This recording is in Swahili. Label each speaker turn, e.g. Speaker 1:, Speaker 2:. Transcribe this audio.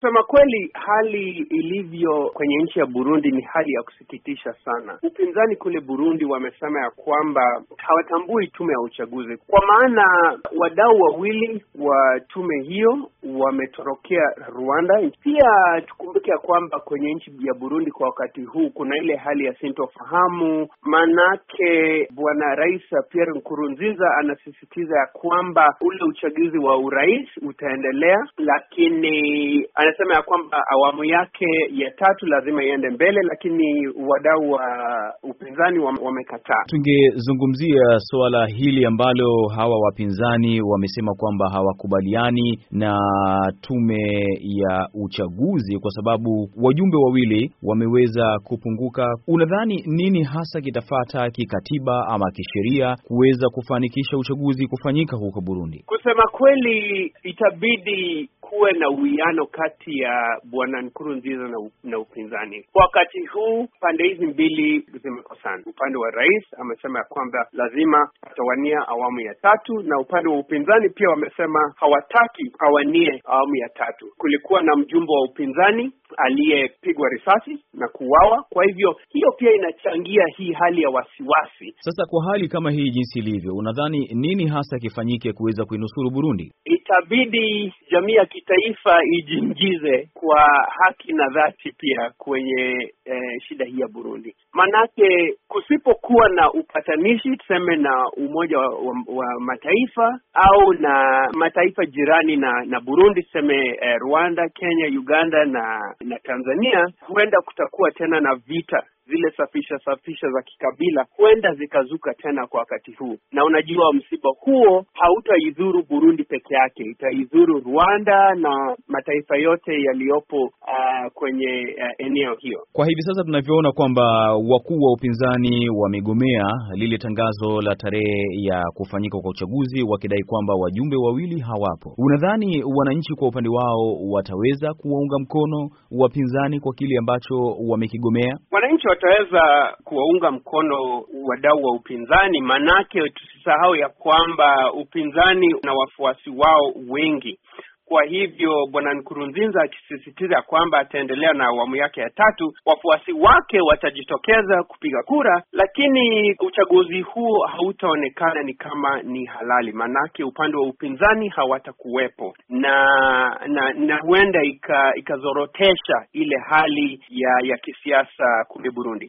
Speaker 1: Sema kweli hali ilivyo kwenye nchi ya Burundi ni hali ya kusikitisha sana. Upinzani kule Burundi wamesema ya kwamba hawatambui tume ya uchaguzi, kwa maana wadau wawili wa tume hiyo wametorokea Rwanda. Pia tukumbuke ya kwamba kwenye nchi ya Burundi kwa wakati huu kuna ile hali ya sintofahamu, maanake bwana Rais Pierre Nkurunziza anasisitiza ya kwamba ule uchaguzi wa urais utaendelea, lakini anasema ya kwamba awamu yake ya tatu lazima iende mbele, lakini wadau wa upinzani wamekataa.
Speaker 2: Tungezungumzia suala hili ambalo hawa wapinzani wamesema kwamba hawakubaliani na tume ya uchaguzi kwa sababu wajumbe wawili wameweza kupunguka. Unadhani nini hasa kitafata kikatiba ama kisheria kuweza kufanikisha uchaguzi kufanyika huko Burundi?
Speaker 1: Kusema kweli, itabidi kuwe na uwiano kati ya bwana Nkurunziza na, na upinzani. Kwa wakati huu pande hizi mbili zimekosana. Upande wa rais amesema ya kwamba lazima atawania awamu ya tatu, na upande wa upinzani pia wamesema hawataki awanie awamu ya tatu. Kulikuwa na mjumbe wa upinzani aliyepigwa risasi na kuuawa. Kwa hivyo hiyo pia inachangia hii hali ya wasiwasi.
Speaker 2: Sasa kwa hali kama hii jinsi ilivyo, unadhani nini hasa kifanyike kuweza kuinusuru Burundi?
Speaker 1: Itabidi jamii ya kitaifa ijiingize kwa haki na dhati pia kwenye eh, shida hii ya Burundi, manake kusipokuwa na upatanishi tuseme na Umoja wa, wa, wa Mataifa au na mataifa jirani na na Burundi tuseme eh, Rwanda, Kenya, Uganda na na Tanzania, huenda kutakuwa tena na vita zile safisha safisha za kikabila huenda zikazuka tena kwa wakati huu, na unajua msiba huo hautaidhuru Burundi peke yake, itaidhuru Rwanda na mataifa yote yaliyopo uh, kwenye uh, eneo hiyo.
Speaker 2: Kwa hivi sasa tunavyoona kwamba wakuu wa upinzani wamegomea lile tangazo la tarehe ya kufanyika kwa uchaguzi, wakidai kwamba wajumbe wawili hawapo. Unadhani wananchi kwa upande wao wataweza kuwaunga mkono wapinzani kwa kile ambacho wamekigomea?
Speaker 1: Wananchi wataweza kuwaunga mkono wadau wa upinzani, maanake tusisahau ya kwamba upinzani na wafuasi wao wengi kwa hivyo bwana Nkurunziza akisisitiza kwamba ataendelea na awamu yake ya tatu, wafuasi wake watajitokeza kupiga kura, lakini uchaguzi huo hautaonekana ni kama ni halali, maanake upande wa upinzani hawatakuwepo na na na huenda ikazorotesha ika ile hali ya ya kisiasa kule Burundi.